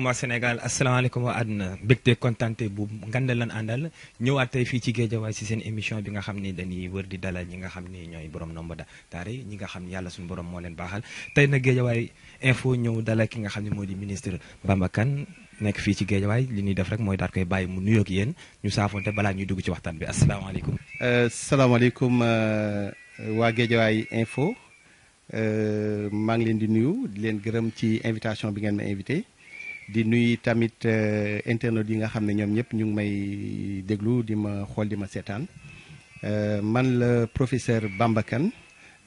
asalaamaaleykum waa Sénégal asalaamaaleykum waa àdduna mbégte kontante bu nganda lan àndal ñëwaat tey fii ci Géejawaay si seen émission bi nga xam ne dañuy wër di dalal ñi nga xam ne ñooy borom nomba da daara ñi nga xam yàlla suñu borom moo leen baaxal tey nag Géejawaay info ñëw dalal ki nga xam ne moo di ministre Bamba Kane nekk fii ci Géejawaay li ñuy def mooy daal koy bàyyi mu nuyoog yéen ñu saafonte balaa ñuy dugg ci waxtaan bi asalaamaaleykum. Euh, salaamaaleykum euh, waa Géejawaay info euh, maa ngi leen di nuyu di leen gërëm ci invitation bi ngeen ma invité. di nuyu tamit euh, internet yi nga xam ne ñoom ñëpp ñu ngi may déglu di ma xool di ma seetaan euh, man le professeur Bambakan, Kane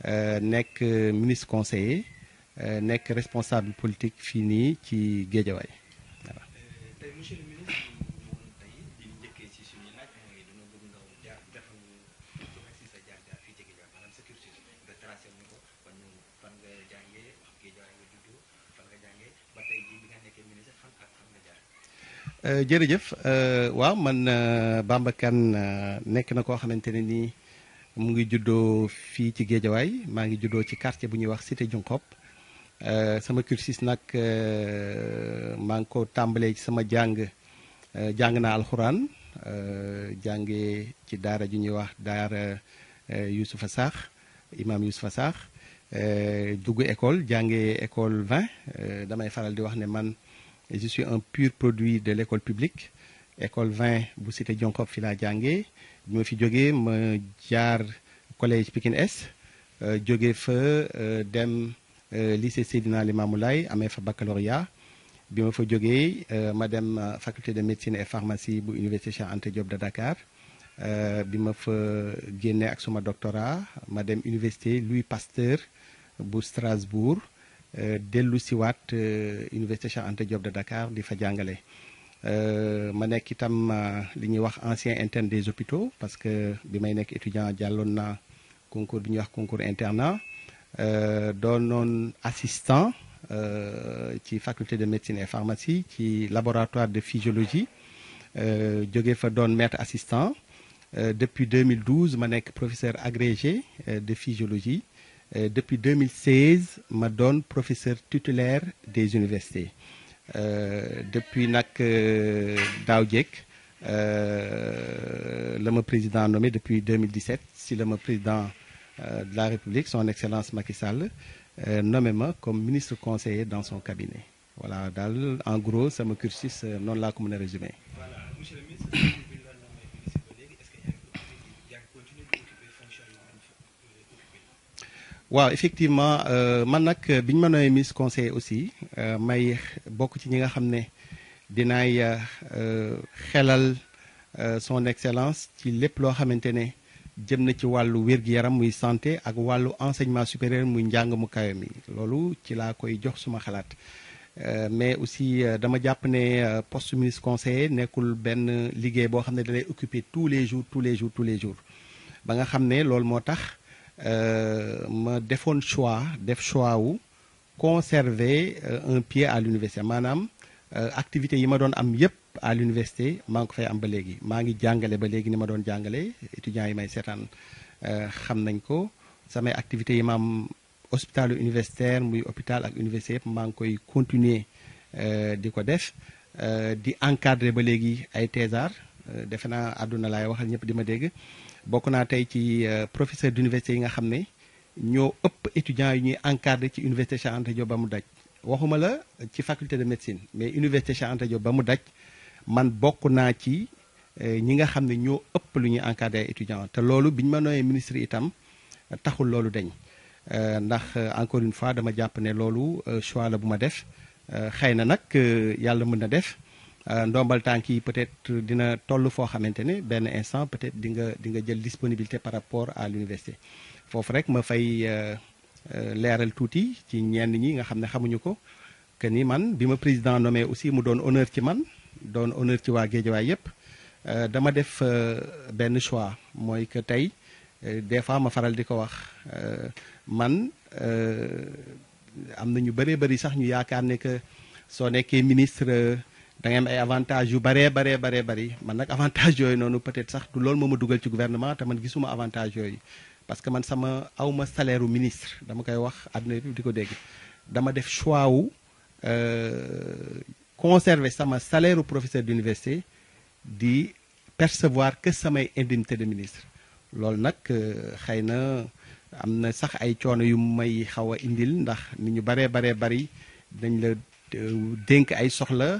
euh, nekk ministre conseiller nekk responsable politique fini nii ci Euh, jërëjëf euh, waaw man euh, Bamba Kane nekk na koo xamante ne nii mu ngi juddoo fii ci Géejawaay maa ngi juddoo ci quartier bu ñuy wax Cité Junqop sama cursus nag maa ngi ko tàmbalee ci sama jàng jàng naa alxuraan jàngee ci daara ju ñuy wax daara Youssoufa Sakh imaam Youssoufa Sakh dugg école jàngee école 20 damay faral di wax ne man et je suis un pur produit de l'école publique école 20 bu cité Jonkop fila Je Je suis ma fi jógee ma jaar collège Pikine Est euh, jóge euh, dem euh, lycée Seydina Limamou à amee fa baccalauréat Je suis fa jógee ma faculté de médecine et pharmacie de l'Université charles Diop de Dakar Je suis fa à ak doctorat ma université Louis Pasteur de Strasbourg euh, de l'Université euh, Université de Dakar di fa Je suis euh, ancien interne des hôpitaux parce que bi may étudiant à concours bi wax concours internat un assistant ci faculté de médecine et pharmacie ci laboratoire de physiologie Je fa un maître assistant depuis 2012 je suis professeur agrégé de physiologie euh, depuis 2016 ma donne professeur titulaire des universités euh, depuis Nak euh, euh le président nommé depuis 2017 si le président de la République son excellence Macky Sall nommé comme ministre conseiller dans son cabinet voilà en gros c'est mon cursus non là, comme on a résumé. voilà le ministre. waaw effectivement euh, man nag euh, bi ñu ma nooyee Miss Conseil aussi euh, may bokk ci ñi nga xam ne dinaay xelal son excellence ci lépp loo xamante ne jëm na ci wàllu wér yaram muy santé ak wàllu enseignement supérieur muy njàng mu kawe mi loolu ci laa koy jox suma xalaat mais aussi dama jàpp ne poste ministre conseiller nekkul benn liggéey boo xam ne dalay occuper tous les jours tous les jours tous les jours ba nga xam ne loolu moo euh, ma defoon choix def choix conserver euh, un pied à l'université madame. Euh, Activité, yi ma don à l'université maa fay am ba ni ma don yi may ko activités yi ma hospital universitaire suis hôpital ak université di def di encadrer ba ay bokk naa tey ci euh, professeur d'université yi nga xam ne ñoo ëpp étudiants yi ñuy encadré ci université Cheikh Anta Diop ba mu daj waxuma la ci faculté de médecine mais université Cheikh Anta Diop ba mu daj man bokk naa ci euh, ñi nga xam ne ñoo ëpp lu ñuy encadré ay étudiants te loolu bi ñu ma nooyee ministre itam euh, taxul loolu dañ ndax encore une fois dama jàpp ne loolu choix bu ma def xëy na nag yàlla mën na def Euh, ndombal tànk yi peut-être dina toll foo xamante ne benn instant peut-être di nga di nga jël disponibilité par rapport à l'université foofu rek ma fay euh, euh, leeral tuuti ci ñenn ñi nga xam ne xamuñu ko que ni man bi ma président nommé aussi mu doon honneur ci man doon honneur ci waa Géejawaay yépp dama def benn choix mooy que tey des fois ma faral di ko wax man am na ñu bëree bëri sax ñu yaakaar ne que soo nekkee ministre. da ngay am ay avantages yu baree baree baree bari man nag avantage yooyu noonu peut-être sax du loolu moo dugal ci gouvernement te man gisuma avantage yooyu parce que man sama awma salaire u ministre dama koy wax àdduna yëpp di ko dégg dama def choix wu euh, conserver sama salaire u professeur d'université di percevoir que samay indemnité de ministre loolu nag euh, xëy na am na sax ay coono yu may xaw a indil ndax ni ñu baree baree bari dañ la euh, dénk ay soxla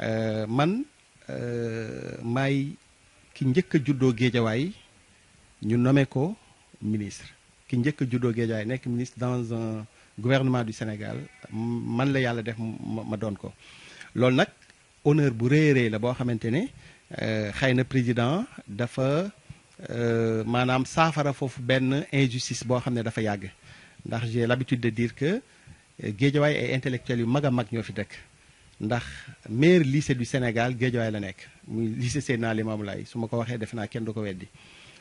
Euh, man euh, may ki njëkk a juddoo géejawaay ñu nommé ko ministre ki njëkk a juddoo géejawaay nekk ministre dans un gouvernement du Sénégal man la yàlla def ma doon ko loolu nag honneur bu rëy rëy la boo xamante ne euh, xëy na président dafa maanaam saafara foofu benn injustice boo xam ne dafa yàgg ndax j'ai l'habitude de dire que géejawaay ay intellectuels yu mag a mag ñoo fi dëkk ndax meilleur lycée du Sénégal Guédiawaye la nek muy lycée Seydina Limamou Laye su ma ko waxee def na kenn du ko weddi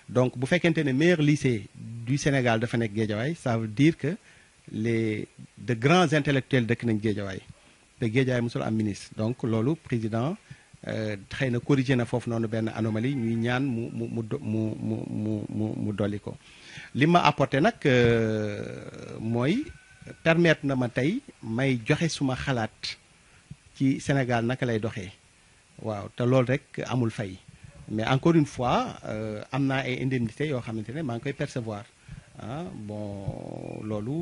donc bu fekkente ne meilleur lycée du Sénégal dafa nek Guédiawaye ça veut dire que les de grands intellectuels dëkk nañ Guédiawaye te Guédiawaye musul am ministre donc lolu président euh, xëy na corrigé na fofu nonu ben anomalie ñuy ñaan mu mu mu mu mu mu mu mu dolli ko li ma apporté nag euh, mooy permettre na ma tay may joxe suma xalaat ci Sénégal naka lay doxé waaw waouh lool rek amul fay mais encore une fois euh, amna ay indemnités yo xamante ne koy percevoir ah bon loolu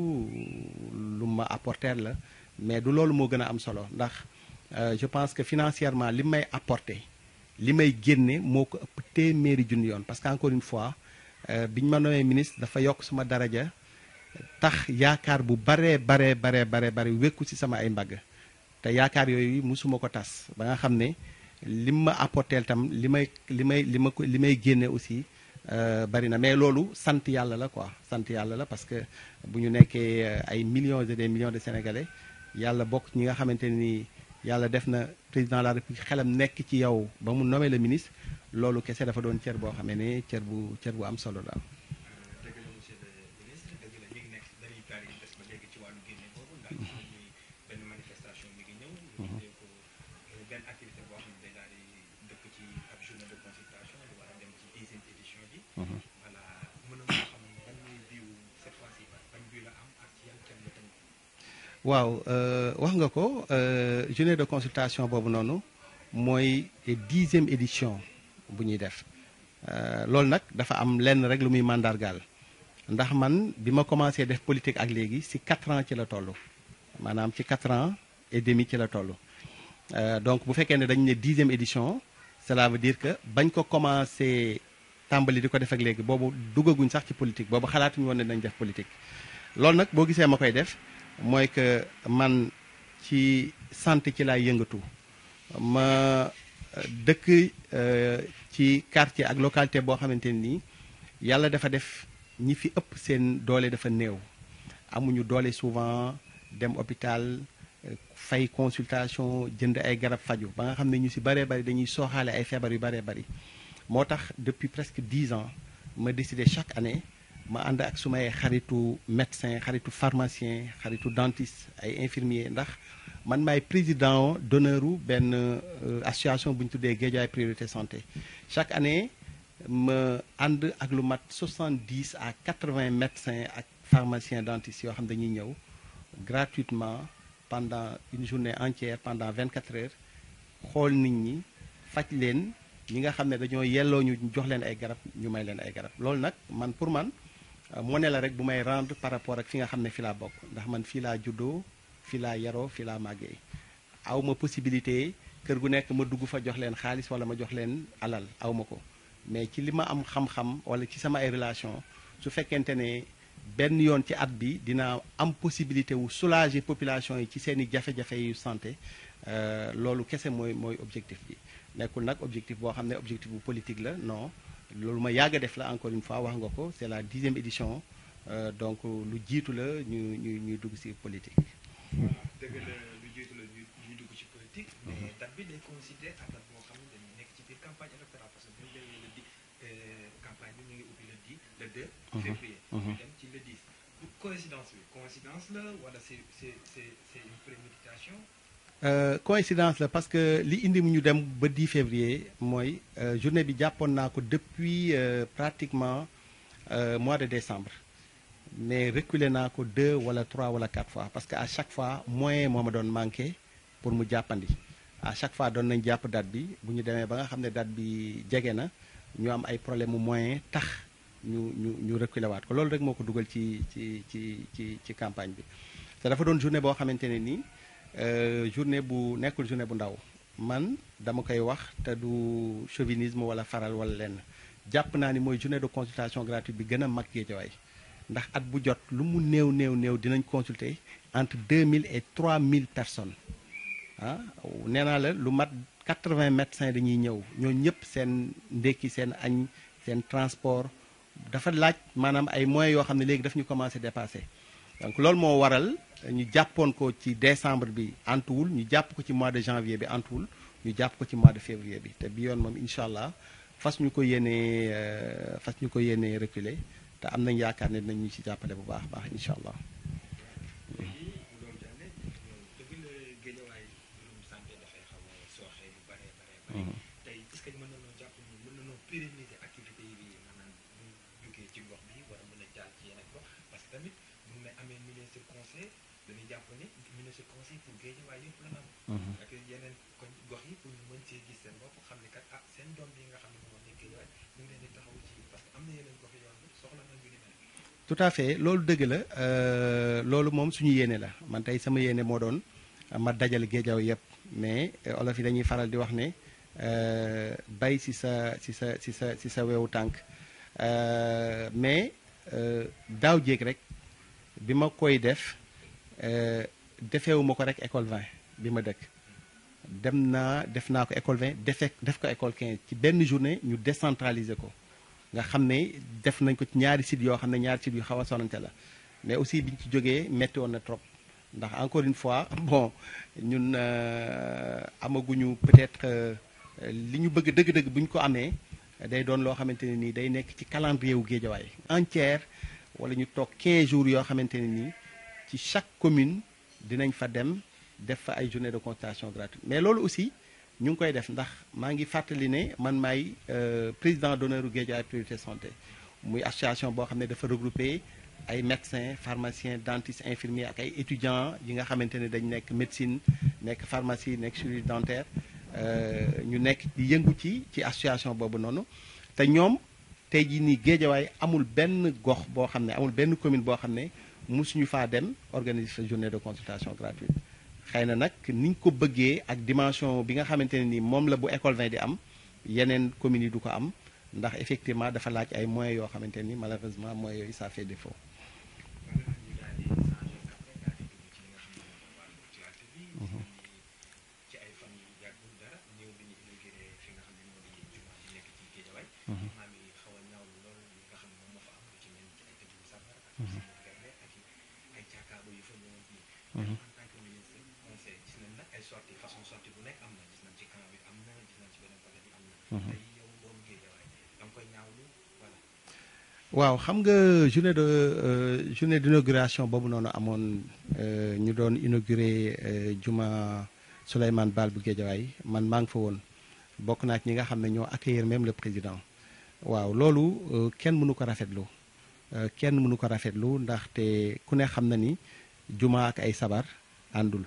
luma ma apporter la mais du loolu mo gëna am solo ndax euh, je pense que financièrement limay apporter limay may moko moo ko ëpp téeméeri parce qu'encore une fois euh, biñ ma nommé ministre dafa yok suma daraja tax yaakar bu baré, baré, baré. baree bare wékku ci sama ay mbag te yaakaar yooyu musuma ko tas ba nga xam ne lim ma apporté tam li may li may li ma ko li may génne aussi euh, bari na mais loolu sant yàlla la ko sant yàlla la parce que bu ñu nekkee euh, ay millions et des millions de sénégalais yàlla bokk ñi nga xamante nii yàlla def na président de la république xelam nekk ci yow ba mu nommé le ministre loolu kese dafa doon cër boo xamee ne cër bu cër bu am solo daal. waaw euh, wax nga ko euh, journée de consultation boobu noonu mooy dixième édition bu ñuy def euh, loolu nag dafa am lenn rek lu muy màndargaal ndax man bima commencé def politique ak léegi ci 4 ans ci la tollu. Manam ci 4 ans et demi ci la toll donc bu fekkee ne dañu ne dixième édition cela veut dire que bagn ko commencé tambali diko def ak léegi bobu dugaguñ sax ci politique bobu xalaatuñu woon ne nañ def politique loolu nak bo gisee makoy def moy que man ci santé ci lay yëngatu ma euh, dëkk euh, ci quartier ak localité bo xamanteni nii yàlla dafa def ñi fi ëpp seen doole dafa néew amuñu doole souvent dem hôpital euh, fay consultation jënd ay garab faju ba nga xamné ñu ci bare bare dañuy soxale ay fièvre yu bare bare motax depuis presque dix ans ma décider chaque année ma and ak su may xaritu médecin xaritu pharmacien xaritu dentiste ay infirmier ndax man may président d'honneur ben benn euh, association buñ tuddé tuddee et priorité santé chaque année me and ak lu mat 70 à 80 médecins ak pharmaciens dentistes yo xam dañuy ñew gratuitement pendant une journée entière pendant 24 heures xol nit ñi fajj leen ñi nga xam ne dañoo yelloo ñu jox leen ay garab ñu may leen ay garab loolu nag man pour man wane euh, la rek bu may rendre par rapport ak fi nga xamné fi la bok ndax man fi la juddo fi la yaro fi la màggee awma possibilité kër gu nek ma dugg fa jox len xaliss wala ma jox len alal aw ko mais ci li ma am xam-xam wala ci sama ay relation su fekkente ne benn yoon ci at bi dina am possibilité wu soulager population yi ci seen i jafe-jafe yu santé euh, loolu kese mooy mooy objectif bi nekkul nag objectif boo xam ne objectif bu politique la non loolu ma yàgg a def la encore une fois wax nga ko c'est la dixième édition euh, donc lu jiitu la ñu ñu ñuy dugg ci politique. waaw dëgg la lu jiitu la ñuy dugg ci politique. Mhm. mais date bi day coïncider ak date boo xam ne dañu nekk ci biir campagne électorale parce que le ñu demee le dix euh, campagne bi ñu ngi ubbi le dit le deux mhm. février. Mhm. ñu dem ci le dix. coïncidence bi coïncidence la wala c'est c'est c'est c'est une préméditation. Euh, coïncidence là parce que li indi mu ñu dem ba 10 février mooy euh, journée bi jàppoon naa ko depuis euh, pratiquement mois de décembre mais reculer naa ko deux wala trois wala quatre fois parce que à chaque fois moyen moi, me donne manqué pour mu jàppandi à chaque fois donne un jàpp date bi bu ñu demee ba nga xam date bi jege na ñu am ay problème mu moyen tax ñu ñu ñu reculer waat ko loolu rek moo ko ci ci ci ci campagne bi te dafa journée boo xamante ne nii euh, journée bu nekul journée bu ndaw man dama kay wax te du chauvinisme wala faral wala len jàpp naa ni mooy journée de consultation gratuite bi gën a ci way ndax at bu jot lu mu new new new dinañ consulter entre 2000 et 3000 personnes hein nee la lu mat 80 médecins dañuy ñëw ñoo ñëpp sen ndékki sen añ sen transport dafa laaj manam ay moyens yo xam ne léegi daf ñu commencé dépassé donc loolu moo waral ñu jàppoon ko ci décembre bi antuwul ñu jàpp ko ci mois de janvier bi antuwul ñu jàpp ko ci mois de février bi te bi yoon moom incha allah fas ñu ko yéenee euh, fas ñu ko yéenee reculer te am nañ yaakaar ne dinañ ñu ci jàppale bu baax baax incha allah conseil dañuy jàpp ne ministre conseil pour Guédiawaye mhm. gox yi cee gis seen bopp xam ne kat ah seen à fait loolu dëgg la euh, loolu moom suñu yéenee la man tey sama yéene moo doon ma dajal Guédiawaye yëpp mais euh, olof yi dañuy faral di wax ne euh, bay si sa ci sa ci sa si sa wewu tànk mais daaw jéeg rek bima koy def euh, defeewuma ko rek école 20 bima dekk dëkk dem naa def naa ko école 20 defe def ko école 15 ci benn journée ñu décentraliser ko nga xam ne def nañ ko ci ñaari site yoo xam ne ñaari sites yu xaw a sonante la mais aussi biñ ci jógee metti woon na trop ndax encore une fois bon ñun euh, amaguñu peut-être euh, li ñu bëgg dëgg-dëgg buñ ko amee day doon loo xamante ni day nekk ci calendrier wu géejawaay entière wala ñu toog 15 jours yoo xamante ni ci chaque commune dinañ fa dem def fa ay journée de consultation gratuite mais loolu aussi ñu ngi koy def ndax maa ngi fàttali ne man maay euh, président d'honneur guédia Guédiawaye priorité santé muy association boo xam ne dafa regroupé ay médecins pharmaciens dentistes infirmiers ak ay étudiants yi nga xamante ne dañ nekk médecine nekk pharmacie nekk chirurgie dentaire euh, ñu nekk di yëngu ci ci association boobu noonu te ñoom tey jii nii géejawaay amul benn gox boo xam ne amul benn commune boo xam ne mosuñu faa dem organiser sa journée de consultation gratuite xëy na nag niñ ko bëggee ak dimension bi nga xamante ne ni moom la bu école 20 di am yeneen commune yi du ko am ndax effectivement dafa laaj ay moyens yoo xamante ni malheureusement moyens yooyu ça fait défaut sorti façon sorti bu nekk am na gis nañ ci camp bi am na gis nañ ci beneen côté bi am na tey yow doomu Géejawaay da nga koy ñaawlu voilà waaw xam nga journée de euh, journée d'inauguration boobu noonu amoon euh, ñu doon inauguré euh, juma Souleymane Baal bu Géejawaay man maa ngi fa woon bokk naa ci ñi nga xam ne ñoo accueillir même le président waaw loolu kenn mënu ko rafetlu kenn mënu ko rafetlu ndaxte ku ne xam na ni juma ak ay sabar àndul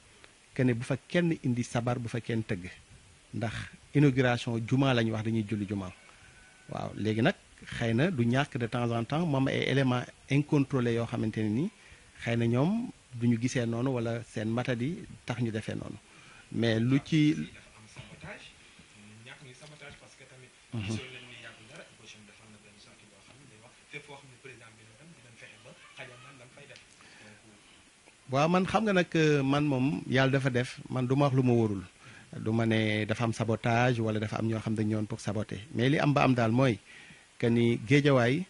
que ne bu fa kenn indi sabar bu fa kenn tëgg ndax inauguration jumaa la ñu wax dañuy julli juma waaw léegi nag xëy na du ñàkk de temps en temps moom ay éléments incontrôlés yoo xamante ne ni xëy na ñoom du ñu gisee noonu wala seen matadi tax ñu defee noonu mais lu ci. sabotage ñàkk waaw man xam nga nag euh, man mom yàlla dafa def man du ma wax lu ma wóorul du ne dafa am sabotage wala dafa am ñoo xam dañ ñoon pour saboter mais li am ba am daal mooy que ni géejawaay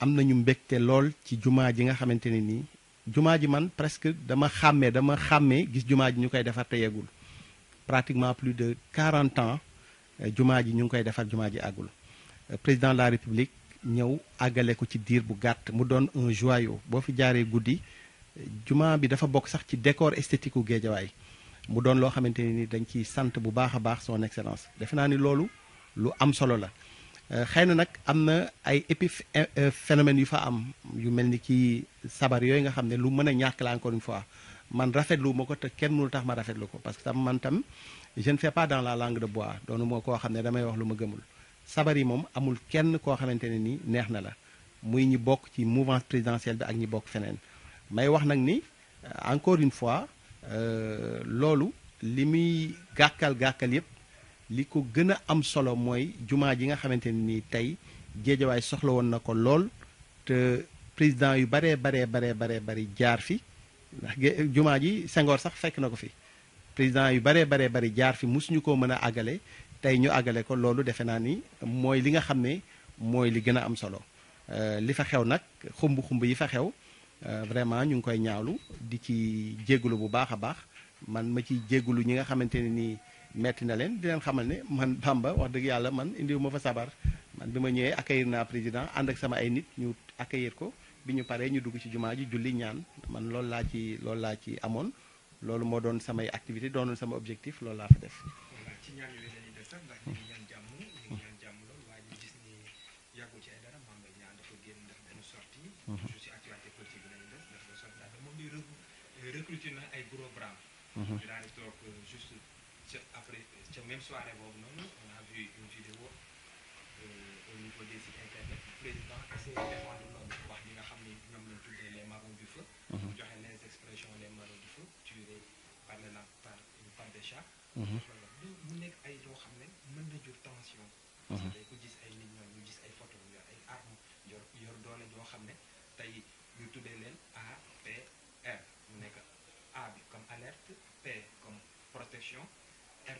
am nañu mbégte lool ci jumaa ji nga xamante ni nii man presque dama xàmmee dama xàmmee gis jumaa ji ñu koy defar te pratiquement plus de 40 ans euh, jumaa ji ñu ngi koy defar jumaa ji àggul euh, président de la république ñëw àggale ko ci diir bu gàtt mu doon un joyau boo fi jaaree guddi juma bi dafa bok sax ci décor esthétique gu mu doon lo xamanteni ni dañ ci sante bu baax a baax son excellence def na ni lolu lu am solo la euh, xeyna nak amna am na ay euh, euh, phénomène yu fa am yu melni ni ki sabar yoy nga xam lu meuna a la encore une fois man rafetlu ma ko te kenn mënul tax ma rafetlu ko parce que tam man tam je ne fais pas dans la langue de bois doonu moko koo damay wax luma ma gëmul sabar yi amul kenn ko xamanteni ni neex na la muy ñi bok ci mouvement présidentiel bi ak ñi bokk feneen may wax nag ni euh, encore une fois euh, loolu li muy gàkkal-gàkkal yëpp li ko gën a am solo mooy jumaa ji nga xamante ni tey géejawaay soxla woon na ko lool te président yu baree baree baree baree bari jaar fi jumaa ji sengoor sax fekk na ko fi président yu baree baree bari jaar fi mosuñu ko mën a àggale tey ñu àggale ko loolu defe naa ni mooy li nga xam ne mooy li gën a am solo euh, li fa xew nag xumb-xumb yi fa xew Euh, vraiment ñu ngi koy ñaawlu di ci jégalu bu baax a baax man ma ci jégalu ñi nga xamante ne nii metti na leen di leen xamal ne man Bamba wax dëgg yàlla man indiwu ma fa sabar man bi ma ñëwee accueillir naa président ànd ak sama ay nit ñu accueillir ko bi ñu paree ñu dugg ci jumaa ji julli ñaan man loolu laa ci loolu laa ci amoon loolu moo doon samay activité doonoon sama objectif lool laa fa def. recruté na ay gros bras. ñu daal di toog juste ca après ca même soirée boobu noonu on a vu une vidéo euh, au niveau des sites internet le président essaie de défendre loolu wax li nga xam ñom ñoom lañ tuddee les marrons du feu. Mhm. mu joxe les expressions les marrons du feu tués par la par par des chats. Mhm. mu nekk ay loo xam ne mën na jur tension. Mhm.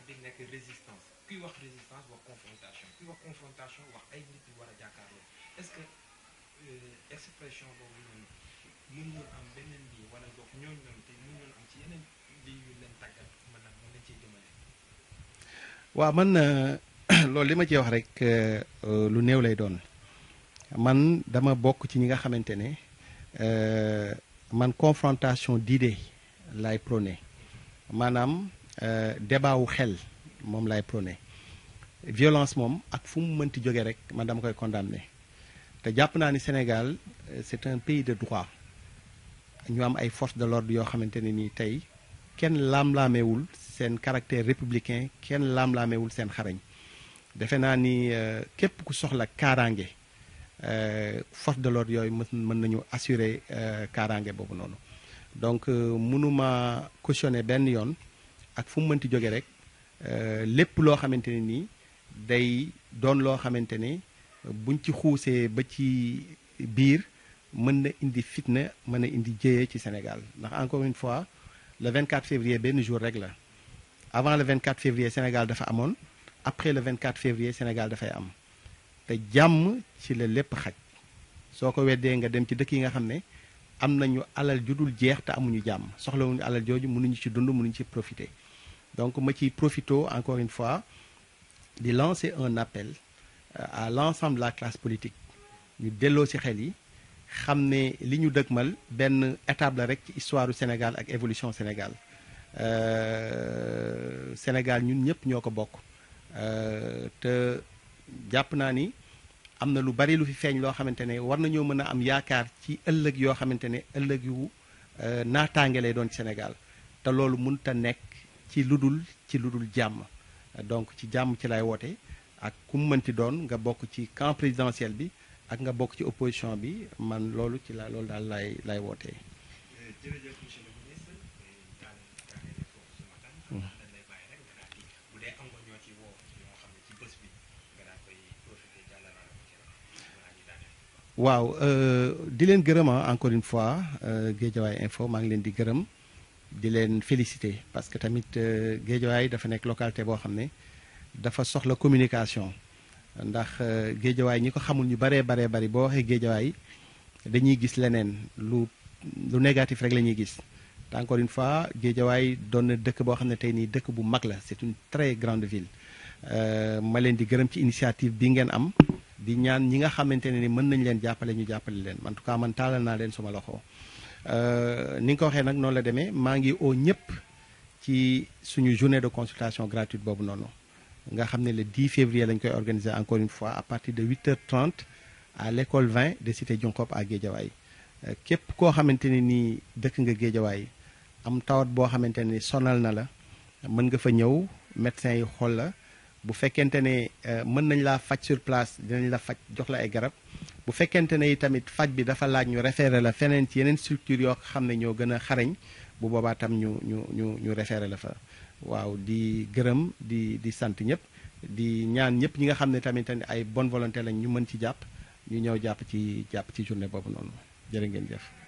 day nekk résistance kuy wax résistance wax confrontation kuy wax confrontation wax ay nit yu war a jàkkaarloo est-ce que euh, expression boobu noonu mën ngeen am beneen bi wala boog ñooñu noonu te mën ngeen am ci yeneen bi yu leen tàggat mën na mën nañ cee jëmale. man euh, loolu li ma ci wax rek euh, lu lay doon man dama bok ci ñi nga xamante man confrontation d'idées lay prôné Manam euh, débat wu xel moom lay prôné violence moom ak fu mu mënti jóge rek man dama koy condamné te jàpp naa ni Sénégal euh, c'est un pays de droit ñu am ay forces de l'ordre yoo xamante ne nii tey kenn laam-laamewul seen caractère républicain kenn laam-laamewul seen xarañ defe naa ni euh, képp ku soxla kaaraange force de l'ordre yooyu mën nañu assurer kaaraange boobu noonu donc mënuma cautionner benn yoon ak fu mu mënti jóge rek euh, lépp loo xamante ne day doon loo xamante ne buñ ci xuusee ba ci biir mën na indi fitna mën na indi jéyee ci Sénégal ndax encore une fois le 24 février benn jour rek la avant le 24 février Sénégal dafa amoon après le 24 février Sénégal dafay am te jàmm ci la lépp xaj soo ko weddee nga dem ci dëkk yi nga xam ne am nañu alal ju dul jeex te amuñu jàmm wuñu alal jooju mënuñu ci dund mënuñu ci profiter donc ma ciy profito encore une fois de lancer un appel euh, à l'ensemble de la classe politique ñu delloo ci xel yi xam ne li ñu dëgmal benn étape la rek histoire du Sénégal ak évolution Sénégal euh, Sénégal ñun ñëpp ñoo ko bokk euh, te jàpp amna lu bari lu fi feñ lo xamantene war nañu mëna am yaakar ci ëlëk yo xamantene ëlëk yu naataange lay doon ci Sénégal te loolu mënut a nekk ci lu ci lu dul donc ci jam ci lay woté ak kum mu mënti doon nga bok ci camp présidentiel bi ak nga bok ci opposition bi man loolu ci la loolu daal lay lay woté waaw euh, di leen gërëma ah, encore une fois euh, Guédiawaye info ma ngi leen di gërëm di leen féliciter parce que tamit euh, géejawaay dafa nekk localité boo xam ne dafa soxla communication ndax euh, géejawaay ñi ko xamul ñu bare bare bari boo waxee géejawaay dañuy gis leneen lu lu négatif rek la ñuy gis te encore une fois géejawaay doon na dëkk boo xam ne tey nii dëkk bu mag la c'est une très grande ville euh, ma leen di gërëm ci initiative bi ngeen am di ñaan ñi nga xamante ne ni mën nañ leen jàppale ñu jàppale leen en tout cas man taalal naa leen sama loxo euh, ni nga ko waxee nag la demee maa ngi oo ci suñu journée de consultation gratuite bobu noonu nga xamné le 10 février lañ koy organiser encore une fois à partir de 8h30 à l'école 20 de cité Diongkop à Guédiaway euh, képp ko xamante ni dëkk nga Guédiaway am tawat bo xamante sonal na la mën nga fa ñëw médecin yi xol la bu fekkente ne euh, mën nañ laa faj sur place dinañ la faj jox la ay garab bu fekkente ne tamit faj bi dafa laaj ñu référé la feneen ci yeneen structure yoo xam ne ñoo gën a xarañ bu boobaa tam ñu ñu ñu ñu référé la fa waaw di gërëm di di sant ñëpp di ñaan ñëpp ñi nga xam ne tamit ay bonne volonté lañ ñu mën ci jàpp ñu ñëw jàpp ci jàpp ci journée boobu noonu jërë ngeen jëf